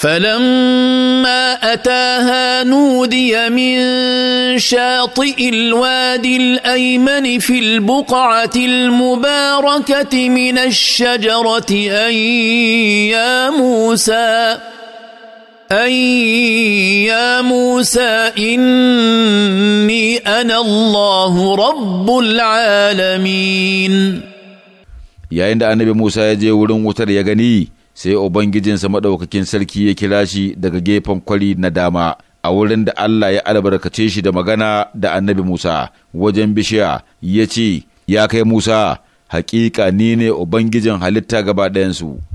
فلما اتاها نودي من شاطئ الوادي الايمن في البقعه المباركه من الشجره ان يا موسى أن يا موسى إني أنا الله رب العالمين يا عند النبي موسى يجي ورن وتر يغني sai Ubangijinsa maɗaukakin sarki ya kira shi daga gefen kwari na dama, a wurin da Allah ya albarkace shi da magana da annabi Musa wajen bishiya ya ce, Ya kai Musa, haƙiƙa ni ne Ubangijin halitta gaba ɗayansu.